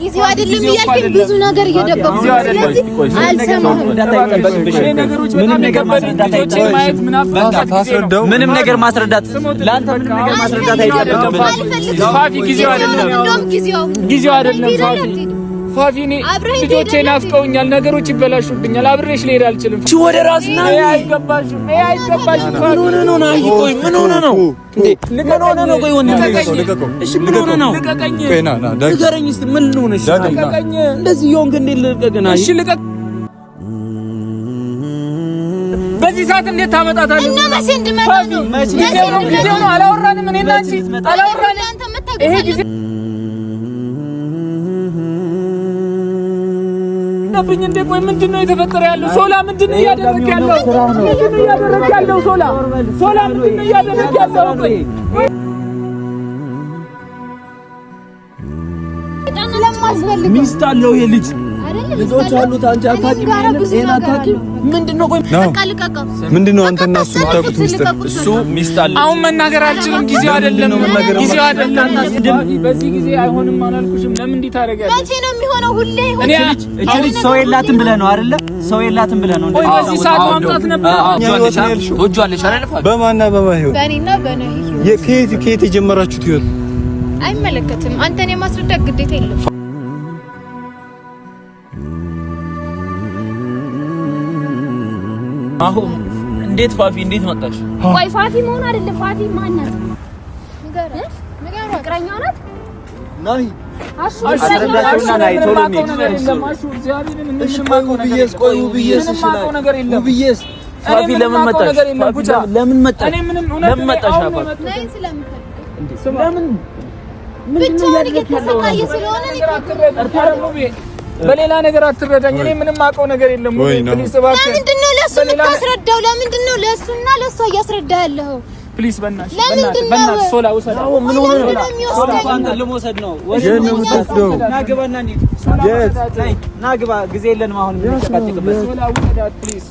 ጊዜው አይደለም እያልኩኝ ብዙ ነገር እየደበኩ ምንም ነገር ማስረዳት ጊዜው አይደለም ፋፊኔ ልጆቼ ናፍቀውኛል፣ ነገሮች ይበላሹብኛል፣ አብሬሽ ልሄድ አልችልም። እሺ ወደ ራስ ና። አይገባሽም፣ አይገባሽም። ምን ሆነ ነው? አይ ቆይ ምን ሆነ ነው? ነው? ቆይ እሺ ምን ሆነ ነው? ልቀቀኝ፣ ምን ልቀቀኝ። እንደዚህ እንዴት እሺ እንዴት ታመጣታለህ? እና እንድመጣ ነው? ነው? አላወራንም፣ ይሄ ጊዜ አስጠናብኝ እንዴ! ቆይ ምንድን ነው የተፈጠረ ያለው? ሶላ ምንድን ነው እያደረገ ያለው? ምንድን ነው እያደረገ ያለው? ሶላ ሶላ ምንድን ነው እያደረገ ያለው? ቆይ ሚስት አለው ይሄ ልጅ ልጆች አሉት። አንቺ አታውቂም፣ ይሄን አታውቂም። ምንድን ነው ቆይ፣ ምንድን ነው አንተ እና እሱ የምታውቁት ሚስጥር? እሱ ሚስት አለ። አሁን መናገር አልችልም፣ ጊዜው አይደለም፣ ጊዜው አይደለም። በዚህ ጊዜ አይሆንም አላልኩሽም? ለምን እንዲህ ታደርጊያለሽ? መቼ ነው የሚሆነው? ሁሌ ይሆን እቺ ልጅ ሰው የላትም ብለህ ነው አይደለ? ሰው የላትም ብለህ ነው። ቆይ በዚህ ሰዓት ማምጣት ነበር። ትወጂዋለሽ አይደል? በማና በማ ህይወት በእኔና በነህ ህይወት ከየት የጀመራችሁት ህይወት አይመለከትም። አንተን የማስረዳት ግዴታ የለም። አሁን እንዴት ፋፊ እንዴት መጣሽ? ቆይ ፋፊ መሆን አይደለም። ፋፊ ማን ናት? ናት። ናይ ነው ለምን ነው በሌላ ነገር አትረዳኝ። እኔ ምንም አውቀው ነገር የለም። ፕሊስ እባክህ። ለምንድን ነው ለእሱ የምታስረዳው? ለምንድን ነው ለእሱና ለእሷ እያስረዳ ያለው? ፕሊስ በእናትሽ ሶላ ውሰድ። አዎ ምን ሆነ ነው? ሶላ አንተ ነው ወይ ነው ጊዜ የለንም አሁን። ምን ሶላ ፕሊስ።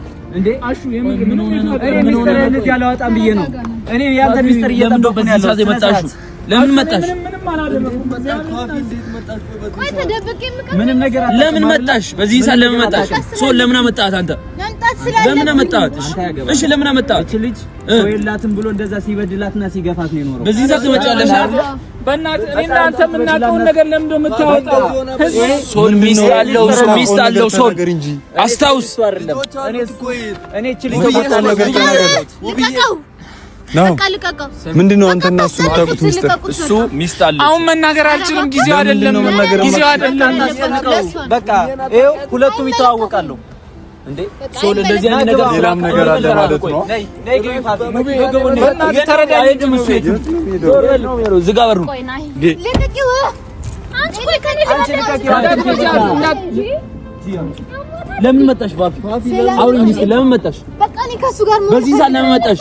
እንዴ አሹ የምግብ ምን ብዬ ነው እኔ ያንተ ሚስጥር እየጠበቅኩ ያለው። ለምን መጣሽ? ምንም ነገር ለምን መጣሽ? በዚህ ሰዓት ለምን መጣሽ? ሶ ለምን አመጣት አንተ ማምጣት ስላለ ለምን አመጣት? እሺ ለምን አመጣት? እቺ ልጅ ሰው የላትም ብሎ እንደዛ ሲበድላትና ሲገፋት ነው የኖረው። በዚህ ሰዓት ትመጫለሽ። በእናትህ እኔና አንተ የምናውቀውን ነገር ለምን እንደምታወጣው ሶል ሚስት አለው ሶል ሚስት አለው ሶል አስታውስ። እኔ እቺ ልጅ ተፈታለሁ ምንድን ነው አንተ እሱ የምታውቁት ሚስጥር? እሱ ሚስት አለ። አሁን መናገር አልችልም፣ ጊዜው አይደለም፣ ጊዜው አይደለም። በቃ ይኸው ሁለቱም ይተዋወቃሉ። ሶል እንደዚህ ሌላም ነገር አለ ማለት ነው። ለምን መጣሽ? ለምን መጣሽ? በዚህ ሰዓት ለምን መጣሽ?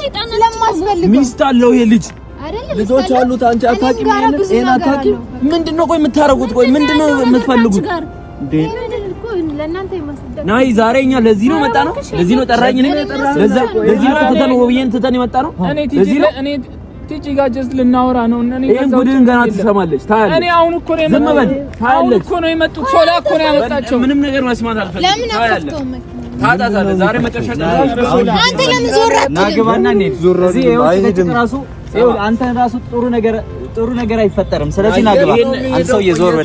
ሚስት አለው ይሄ ልጅ ልጆች አሉት። አንቺ አታውቂም፣ ይሄን አታውቂም። ምንድን ነው ቆይ የምታረጉት? ቆይ ምንድን ነው የምትፈልጉት? ናይ ዛሬ እኛ ለዚህ ነው መጣ ነው። ለዚህ ነው ጠራኝ ነው። ለዛ ለዚህ ነው ትተን ውብዬን ትተን የመጣ ነው። ለዚህ ነው እኔ ቲጂ ጋር ጀስት ልናወራ ነው። እኔ ይሄን ቡድን ገና ትሰማለች። ታያለች። እኔ አሁን እኮ ነው የመጣሁት። አሁን እኮ ነው የመጡት። ሶላ እኮ ነው ያመጣቸው። ምንም ነገር መስማት አልፈልግም። ታያለች። ታጣታለህ። ዛሬ መጨረሻ አንተ ለምን ዞር አትልም? ናግባና እንሂድ። ዞር እዚህ ራሱ አንተ ራሱ ጥሩ ነገር ጥሩ ነገር አይፈጠርም። ስለዚህ ናግባ አንተ ሰው የዞር በል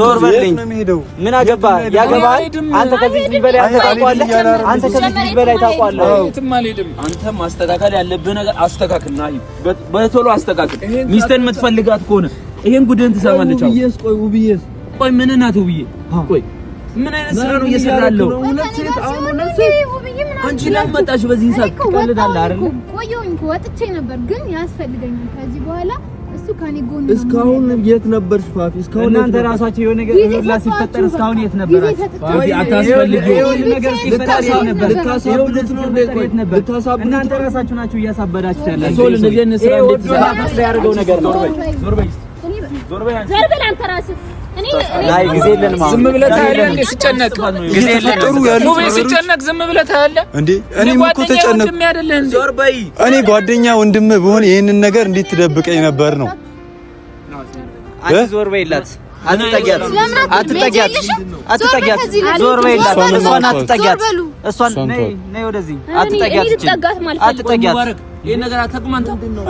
ዞር በልኝ። ምን አገባ ያገባ። አንተ ከዚህ ፊት በላይ አንተ ታውቀዋለህ። አንተ ከዚህ ፊት በላይ ታውቀዋለህ። አንተ ማስተካከል ያለብህ ነገር አስተካክልና ና በቶሎ አስተካክል። ሚስተን የምትፈልጋት ከሆነ ይሄን ጉድህን ትሰማለች። አሁን ቆይ ውብዬስ፣ ቆይ ምን ናት ውብዬ? ቆይ ምን አይነት ስራ ነው እየሰራ ያለው? አንቺ ለምን መጣሽ? በዚህ ሰዓት ትቀልዳለህ አይደል? ቆየሁኝ እኮ ወጥቼ ነበር፣ ግን ያስፈልገኛል ከዚህ በኋላ ራሱ ከኔ ጎን ነው። እስካሁን የት ነበርሽ ፋፊ? እስካሁን እናንተ ራሳችሁ የሆነ ነገር ሲፈጠር እስካሁን የት ነበራችሁ? ፋፊ አታስፈልጊው ነገር ሲፈጠር የት ነበራችሁ? እናንተ ራሳችሁ ናችሁ እያሳበዳችሁ ያላችሁ። እንደዚህ አይነት ስራ እንዴት ያደርገው ነገር ነው? ዞር በይ፣ ዞር በይ አንተ ራስህ ላይ ዝም ብለህ ታያለህ እንዴ? ሲጨነቅ ጊዜ የለንም። ሙቤ ሲጨነቅ ዝም ብለህ ታያለህ እንዴ? እኔም እኮ ተጨነቅኩ። እኔ ጓደኛ ወንድም ብሆን ይሄንን ነገር እንዴት ትደብቀኝ ነበር ነው። ዞር በይላት፣ እሷን እሷን ነይ፣ ነይ ወደዚህ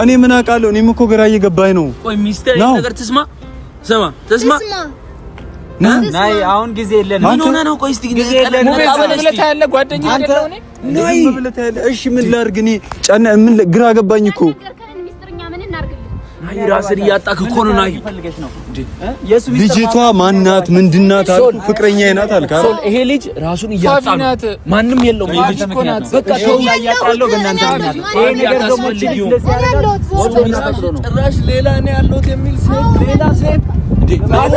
እኔ ምን አውቃለሁ? እኔም እኮ ግራ እየገባኝ ነው። ቆይ ሚስቴ ነገር ትስማ ስማ ተስማ ናይ አሁን ጊዜ የለንም። ምን ሆነህ ነው? ቆይ እስቲ ጊዜ የለንም። ጓደኛዬ እሺ፣ ምን ላድርግ? እኔ ጫና ምን ግራ ገባኝ እኮ አይ ራስን እያጣክ እኮ ነው። ናይ ልጅቷ ማናት? ምንድናት? አልኩ ፍቅረኛ ናት አልክ። ይሄ ልጅ ራሱን እያጣ ነው። ማንም የለውም። ይሄ ልጅ በቃ ተው። ያጣለው በእናንተ ምክንያት። ይሄ ነገር ደግሞ ጭራሽ ሌላ ነው ያለሁት የሚል ሴት ሌላ ሴት አንቺ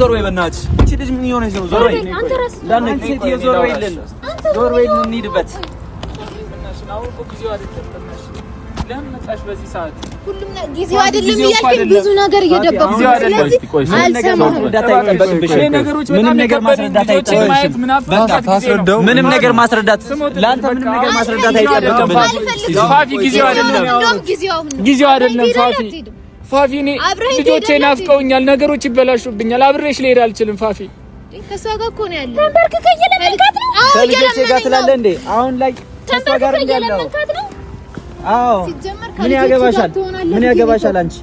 ዞር በይ በእናትሽ። አንቺ ልጅ ምን የሆነች ነው? ዞር በይ። ዞር በይ እንሂድበት አሁን እኮ ጊዜው አይደለም። በእናትሽ ለምን ምንም ነገር ማስረዳት ለአንተ ምንም ነገር ማስረዳት አይጠበቅብሽም። ፋፊ ጊዜው አይደለም፣ ጊዜው አይደለም ፋፊ ፋፊ እኔ ልጆቼ ናፍቀውኛል። ነገሮች ይበላሹብኛል። አብሬሽ ልሄድ አልችልም ፋፊ ከሷ ጋር እኮ ነው ያለው። ተንበርክከ እየለመንካት ነው። አዎ አሁን ላይ ምን ያገባሻል? ምን ያገባሻል አንቺ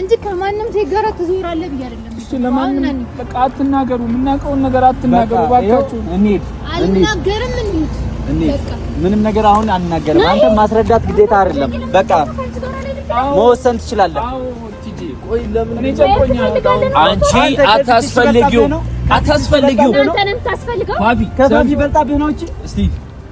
እንጂ ከማንም ሴት ጋር ትዞራለህ ብዬ አይደለም። እሱ ለማንም በቃ አትናገሩ፣ የምናውቀውን ነገር አትናገሩ ባካችሁ። እንሂድ። አልናገርም፣ እንሂድ። ምንም ነገር አሁን አልናገርም። አንተ ማስረዳት ግዴታ አይደለም። በቃ መወሰን ትችላለህ። አንቺ አታስፈልጊው፣ አታስፈልጊው። ፋፊ ከፋፊ በልጣብህ ነው። እስቲ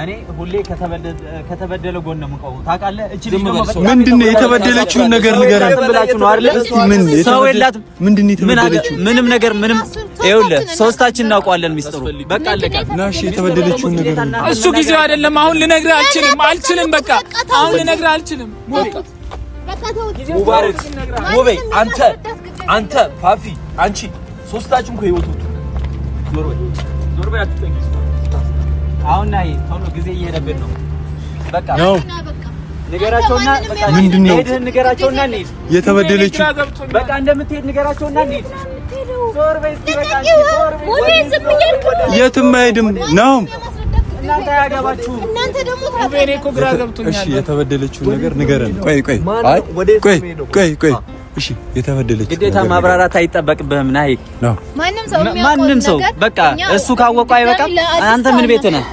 እኔ ሁሌ ከተበደለ ጎን ነው የምቆመው። ታውቃለህ? እቺ ልጅ ምንድን ነው የተበደለችውን ነገር ንገረን ብላችሁ ነው አይደል? ሰው የላትም። ምንድን ነው የተበደለችው? ምንም ነገር ምንም። ይኸውልህ ሶስታችን እናውቀዋለን ሚስጥሩ። በቃ አለቀ። ናሽ የተበደለችውን ነገር እሱ ጊዜው አይደለም። አሁን ልነግርህ አልችልም፣ አልችልም። በቃ አሁን ልነግርህ አልችልም። ሙባረክ ሙቤ፣ አንተ አንተ ፋፊ፣ አንቺ ሶስታችን እኮ ይወጡት ዞር በይ፣ ዞር አሁን ናይ ሁሉ ጊዜ እየሄደብን ነው። በቃ የትም አይሄድም ነው እናንተ ደግሞ የተበደለችውን ነገር ንገረን። ቆይ ቆይ ቆይ ቆይ እሺ የተበደለች ግዴታ ማብራራት አይጠበቅብህም። ናይ ማንም ሰው በቃ እሱ ካወቀ አይበቃም። አንተ ምን ቤት ነህ?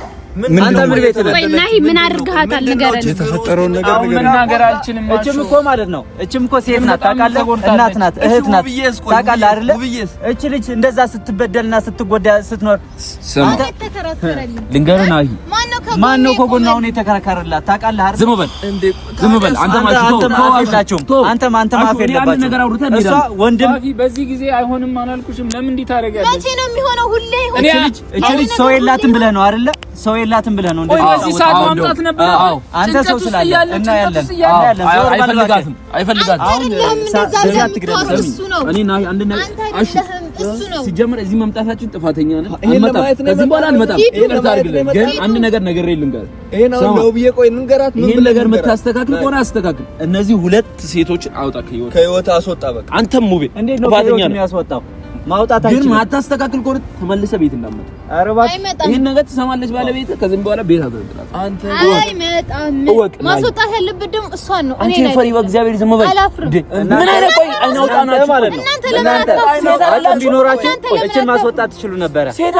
አንተ ምን ቤት ነህ? እና ይሄ ምን አድርገሃታል? ንገረን። የተፈጠረውን ነገር መናገር አልችልም። እችም እኮ ማለት ነው እችም እኮ ሴት ናት ታውቃለህ፣ እናት ናት፣ እህት ናት ታውቃለህ አይደለ? እች ልጅ እንደዛ ስትበደልና ስትጎዳ ስትኖር ልንገርህ፣ አይ ማን ነው ከጎኗ አሁን የተከራከረላት? ታውቃለህ አይደል? ዝም በል ዝም በል አንተ ማለት ነው አንተ አንተ ማፍ የለባችሁም። እሷ ወንድም በዚህ ጊዜ አይሆንም አላልኩሽም? ለምን እንዲህ ታደርጊያለሽ? መቼ ነው የሚሆነው? ሁሌ ይሆናል። እች ልጅ ሰው የላትም ብለህ ነው አይደለ? ሰው የላትም ብለህ ነው እንዴ? በዚህ ሰዓት ማምጣት ነበር። አዎ አንተ ሰው ስላለ እና ያለን አይፈልጋትም፣ አይፈልጋትም። ሲጀመር እዚህ መምጣታችን ጥፋተኛ ነን። አልመጣም፣ ከዚህ በኋላ አልመጣም። ይቅርታ አድርግልኝ፣ ግን አንድ ነገር ነገር የለም ጋር ይሄን አሁን ነው ብዬ ቆይ ንገራት። ይሄን ነገር የምታስተካክል ከሆነ አስተካክል። እነዚህ ሁለት ሴቶችን አውጣ፣ ከህይወት ከህይወት አስወጣ። በቃ አንተም ሙቤ ጥፋተኛ ነው የሚያስወጣው ማውጣት ግን ማታስተካክል ከሆነ ተመልሰ ቤት እንዳመጣ አረባት ይሄን ነገር ትሰማለች ባለቤት። ከዚህም በኋላ ቤት አትወጣም። አንተ ማስወጣት ያለበት ደግሞ እሷን ነው። አንቺ ነበረ። ሴት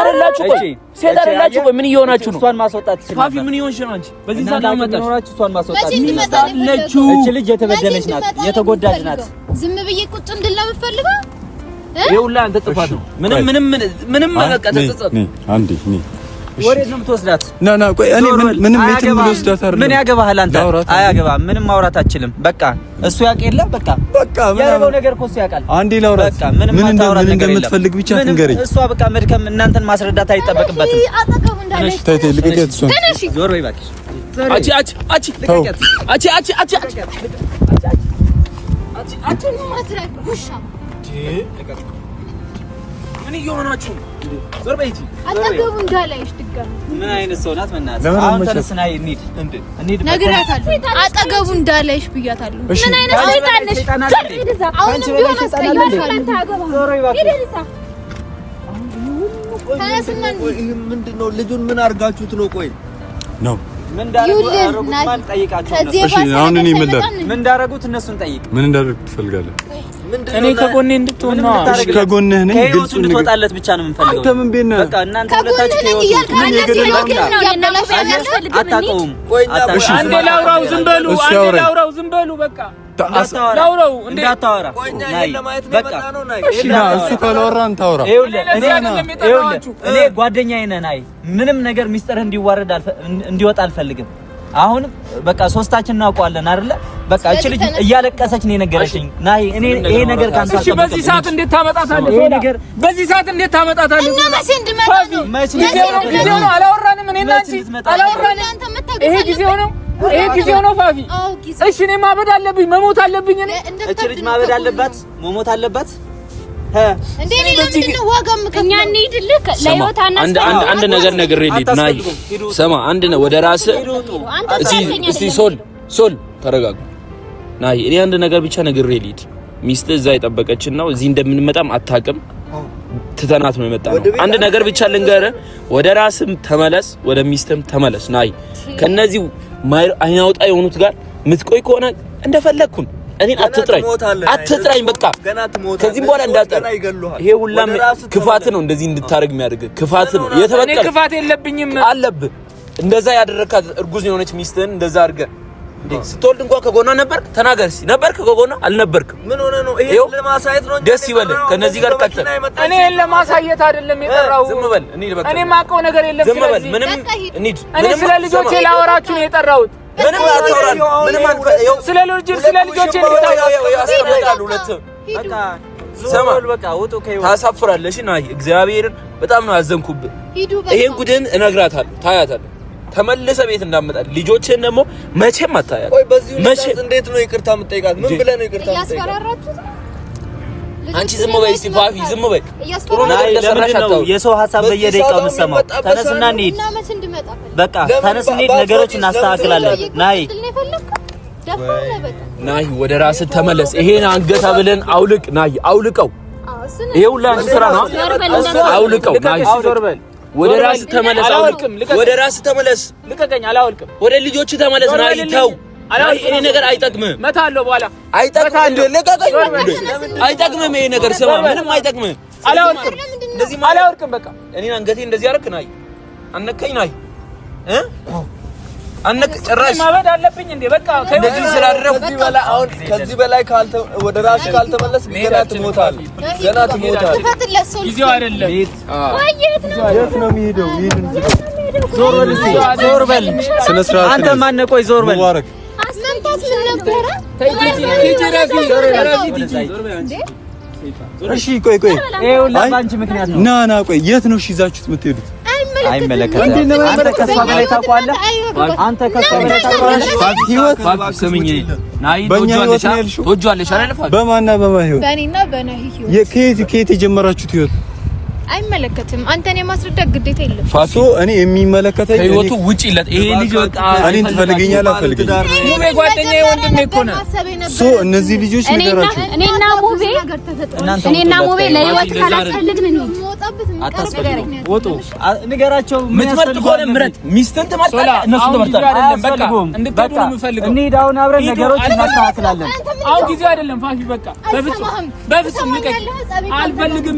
አይደላችሁ? ቆይ ሴት አይደላችሁ? ቆይ ምን እየሆናችሁ ነው? እሷን ማስወጣት ትችሉ ፋፊ ልጅ የተበደለች ናት፣ የተጎዳች ናት። ዝም ብዬ ቁጭ እንድል ነው የምፈልገው ይኸውልህ አንተ ጥፋት ነው። ምንም ምንም ምንም በቃ ተጸጸት። አንዴ ወዴት ነው የምትወስዳት? ና ና ቆይ ምንም አይደለም። ምን ያገባሃል አንተ? አያገባህም። ምንም ማውራት አችልም በቃ እሱ ያውቅ የለ በቃ በቃ ያለው ነገር እኮ እሱ ያውቃል። አንዴ ላውራት ምን እንደምትፈልግ ብቻ ትንገረኝ። እሷ በቃ መድከም እናንተን ማስረዳት አይጠበቅበትም። እሺ ዞር አቺ አቺ አቺ አቺ አቺ አቺ አቺ አቺ አቺ ምን እየሆናችሁ ምን አይነት ሰው ናት? መናዘር አሁን ተነስና እንሂድ እንሂድ። ነግራታለሁ፣ አጠገቡ እንዳለሽ ብያታለሁ። ምን አይነት ሰይጣን ነሽ? አሁንም ቢሆን ምንድን ነው? ልጁን ምን አድርጋችሁት ነው? ቆይ ነው ምን እንዳረጉት ምን እነሱን ጠይቅ። ምን እንዳደረጉት ትፈልጋለህ? እኔ ከጎኔ እንድትሆን ነው። እሺ ከጎንህ ነኝ። ግልጽ እንድትወጣለት ብቻ ነው የምፈልገው። አንተ ምን በቃ እናንተ ሁለታችሁ ምን እሺ ላውራው፣ ዝም በሉ። ላውራው፣ ዝም በሉ። በቃ እሺ። ና እሱ እኔ ጓደኛዬ ነህ። ምንም ነገር ሚስጥርህ እንዲዋረድ እንዲወጣ አልፈልግም። አሁን በቃ ሶስታችን እናውቀዋለን አይደለ? በቃ እቺ ልጅ እያለቀሰች ነው የነገረችኝ። ናይ እኔ ይሄ ነገር ካንተ እሺ፣ በዚህ ሰዓት እንዴት ታመጣታለህ? ይሄ ነገር በዚህ ሰዓት እንዴት ታመጣታለህ? እና መቼ እንድመጣ ነው? ጊዜ ነው ነው። አላወራንም። እኔ እና አንቺ አላወራንም። ይሄ ጊዜው ነው ይሄ ጊዜው ነው ፋፊ። እሺ፣ እኔ ማበድ አለብኝ መሞት አለብኝ። እኔ እቺ ልጅ ማበድ አለባት መሞት አለባት። አንድ ነገር ነገር ሰማ አንድ ነው ወደ እስቲ ሶል ሶል ናይ እኔ አንድ ነገር ብቻ ነገር ሬሊድ ሚስት እዛ የጠበቀችን ነው። እዚህ እንደምንመጣም አታውቅም። ትተናት ነው የመጣ ነው። አንድ ነገር ብቻ ወደ ራስም ተመለስ፣ ወደ ሚስትም ተመለስ። ናይ ከነዚህ አይናውጣ የሆኑት ጋር ምትቆይ ከሆነ እንደፈለግኩን እኔን አትጥራኝ፣ አትጥራኝ በቃ ከዚህ በኋላ እንዳጠር። ይሄ ሁላም ክፋት ነው፣ እንደዚህ እንድታረግ የሚያደርግ ክፋት ነው። የተበቀለ እኔ ክፋት የለብኝም አለብህ። እንደዛ ያደረካት እርጉዝ የሆነች ሚስትህን እንደዛ አድርገህ ስትወልድ እንኳን ከጎኗ ነበርክ? ተናገር እስኪ ነበርክ ከጎኗ አልነበርክም? ምን ሆነ ነው? ይሄ ለማሳየት ነው። ደስ ይበልህ። ከነዚህ ጋር ቀጥል። እኔ ለማሳየት አይደለም የጠራው። ዝም በል። እኔ በቃ እኔ የማውቀው ነገር የለም። ዝም በል። ምንም እንሂድ። እኔ ስለ ልጆቼ ላወራችሁ ነው የጠራሁት። ምንም አታወራም። ምንም ስለ ልጆች ስለ ልጆች ያስቀምጣሉ ሁለቱም በቃ ታሳፍራለሽ እና እግዚአብሔርን በጣም ነው ያዘንኩብህ። ይሄን ጉድህን እነግራታለሁ፣ ታያታለህ። ተመልሰህ ቤት እንዳመጣል ልጆችህን ደግሞ መቼም አታያለህ። መቼም እንዴት ነው ይቅርታ የምጠይቃት? ምን ብለህ ነው ይቅርታ የምጠይቃት? አንቺ ዝም በይ እስቲ ፋፊ፣ ዝም በይ። ጥሩ ነገር እንደሰራሽ አታውቂ። የሰው ሀሳብ በየደቂቃው የምትሰማው። ተነስና እንሂድ፣ በቃ ተነስ እንሂድ፣ ነገሮች እናስተካክላለን። ናይ ናይ፣ ወደ ራስ ተመለስ። ይሄን አንገታ ብለን አውልቅ። ናይ አውልቀው፣ ይሄ ሁላ አንቺ ስራ ነው። አውልቀው፣ ናይ ወደ ራስ ተመለስ። አውልቅ፣ ወደ ራስ ተመለስ። ልቀቀኝ፣ አላውልቅም። ወደ ልጆች ተመለስ። ናይ ተው ይሄ ነገር አይጠቅምም። መታለው በኋላ አይጠቅምም። ለቀቀኝ። አይጠቅምም። ይሄ ነገር ስማ፣ ምንም አይጠቅምም። አላወርቅም፣ አላወርቅም። በቃ እኔን አንገቴ እንደዚህ አደረክ። ናይ አነከኝ፣ ናይ አነክ ጭራሽ ማበድ አለብኝ እንዴ? በቃ ከዚህ ስላደረኩ አሁን ከዚህ በላይ ካልተ ወደ ራስ ካልተመለስ ገና ገና ጊዜው አይደለም። የት ነው የሚሄደው? ዞር በል፣ ዞር በል። አንተ ማነቆይ ዞር በል መምጣት ምን ነበረ? እሺ ቆይ ቆይ፣ ና ና ቆይ፣ የት ነው እሺ ይዛችሁት የምትሄዱት? አይመለከትም። አንተ ከሷ በላይ በማና በማ ህይወት ከየት የጀመራችሁት ህይወት አይመለከትም። አንተን የማስረዳት ግዴታ የለም ፋቶ እኔ የሚመለከተኝ ህይወቱ ውጪ ለት ይሄ ልጅ በቃ እኔን ትፈልገኛል አልፈልገኝ። ሙቤ ጓደኛዬ ወንድሜ እኮ ነው። ሶ እነዚህ ልጆች ነገራቸው። እኔና ሙቤ እኔና ሙቤ ለህይወት ካላስፈልግን ነው ንገራቸው። እነሱ አይደለም በቃ እኔ ዳውን አይደለም በቃ በፍጹም በፍጹም ንቀቅ። አልፈልግም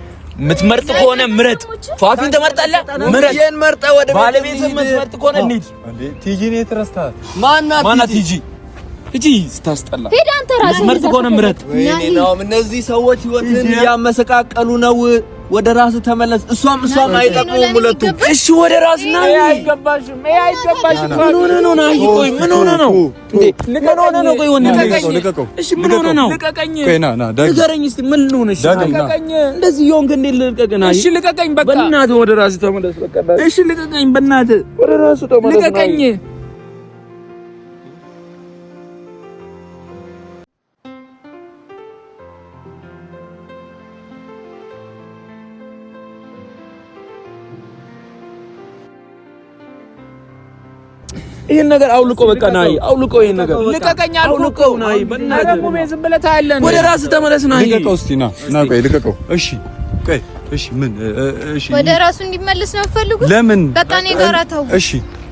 የምትመርጥ ከሆነ ምረጥ። ፏፊን ትመርጣለህ? ምረጥ። መርጠ ወደ ባለቤት ከሆነ ቲጂ እጂ ስታስጠላ። ሄድ አንተ ምርጥ ከሆነ ምረጥ። እነዚህ ሰዎች ህይወትን እያመሰቃቀሉ ነው። ወደ ራስ ተመለስ። እሷም እሷም አይጠቅሙም ሁለቱ። እሺ ወደ ራስ ና። አይገባሽም፣ አይገባሽም። ምን ሆነ ነው? ናይ ቆይ፣ ምን ሆነ ነው? ምን ሆነ ነው? ቆይ ወንድሜ፣ እሺ ምን ሆነ ነው? ልቀቀኝ፣ ንገረኝ እስኪ ምን ሆነሽ? ልቀቀኝ፣ እንደዚህ የሆንክ እንዴት ልቀቀኝ? ናይ እሺ ልቀቀኝ፣ በቃ በእናትህ ወደ ራስ ተመለስ። በቃ እሺ ልቀቀኝ፣ በእናትህ ወደ ራስ ተመለስ። ልቀቀኝ ይሄን ነገር አውልቆ በቃ ናይ አውልቆ፣ ይሄን ነገር ልቀቀኝ፣ አውልቆ ናይ በእናትህ ደግሞ ዝም ብለህ ታያለህ። ወደ ራስህ ተመለስ። ናይ ልቀቀው፣ እስቲ ና ና፣ ቆይ ልቀቀው። እሺ ቆይ፣ እሺ ምን? እሺ ወደ ራሱ እንዲመለስ ነው ፈልጉ። ለምን በቃ እኔ ጋር ተው። እሺ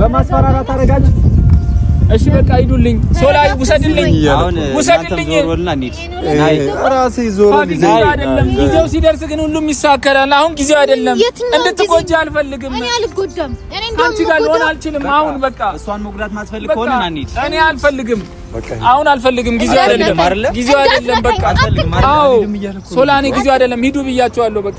በማስፈራራት አደረጋችሁ። እሺ በቃ ሂዱልኝ። ሶላይ ውሰድልኝ፣ ውሰድልኝ። ጊዜው ሲደርስ ግን ሁሉም ይሳከራል። አሁን ጊዜው አይደለም። እንድትጎጂ አልፈልግም። አንቺ ጋር ልሆን አልችልም። አሁን በቃ እሷን መጉዳት ማትፈልግ ከሆነ እኔ አልፈልግም። አሁን አልፈልግም። ጊዜው አይደለም፣ ጊዜው አይደለም። በቃ አዎ፣ ሶላኔ ጊዜው አይደለም። ሂዱ ብያቸዋለሁ። በቃ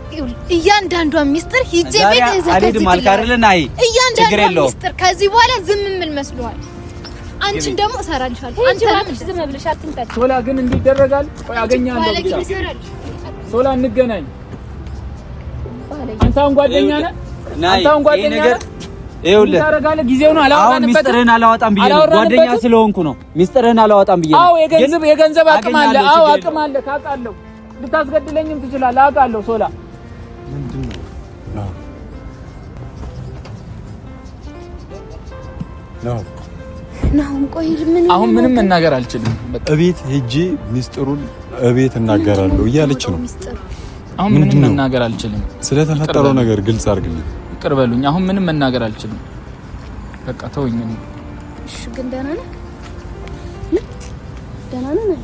እያንዳንዷ ሚስጥር ሂጄ ቤት እዘጋጅልኝ አልካርልና አይ እያንዳንዷ ሚስጥር ከዚህ በኋላ ዝም ምን መስሏል? አንቺን ደግሞ እሰራልሻለሁ። አንቺ እባክሽ ዝም ብለሽ አትንጠጪ። ሶላ ግን እንዲህ ይደረጋል። ቆይ አገኛለሁ ብቻ ሶላ እንገናኝ። አንተ አሁን ጓደኛ ነህ። አንተ አሁን ጓደኛ ነህ። ይኸውልህ ታደርጋለህ። ጊዜው ነው። አሁን ሚስጥርህን አላወጣም ብዬ ነው። ጓደኛ ስለሆንኩ ነው። ሚስጥርህን አላወጣም ብዬ ነው። አዎ የገንዘብ የገንዘብ አቅም አለ። አዎ አቅም አለ። ታውቃለህ። ልታስገድለኝም ትችላለህ። አውቃለሁ ሶላ ምንድን ነው? አሁን ምንም መናገር አልችልም። እቤት ሄጄ ሚስጥሩን እቤት እናገራለሁ እያለች ነው። አሁን ምንም መናገር አልችልም። ስለተፈጠረው ነገር ግልጽ አድርግልኝ፣ ይቅር በሉኝ። አሁን ምንም መናገር አልችልም። በቃ ተወኝ። እሺ ግን ደህና ነህ? ደህና ነህ?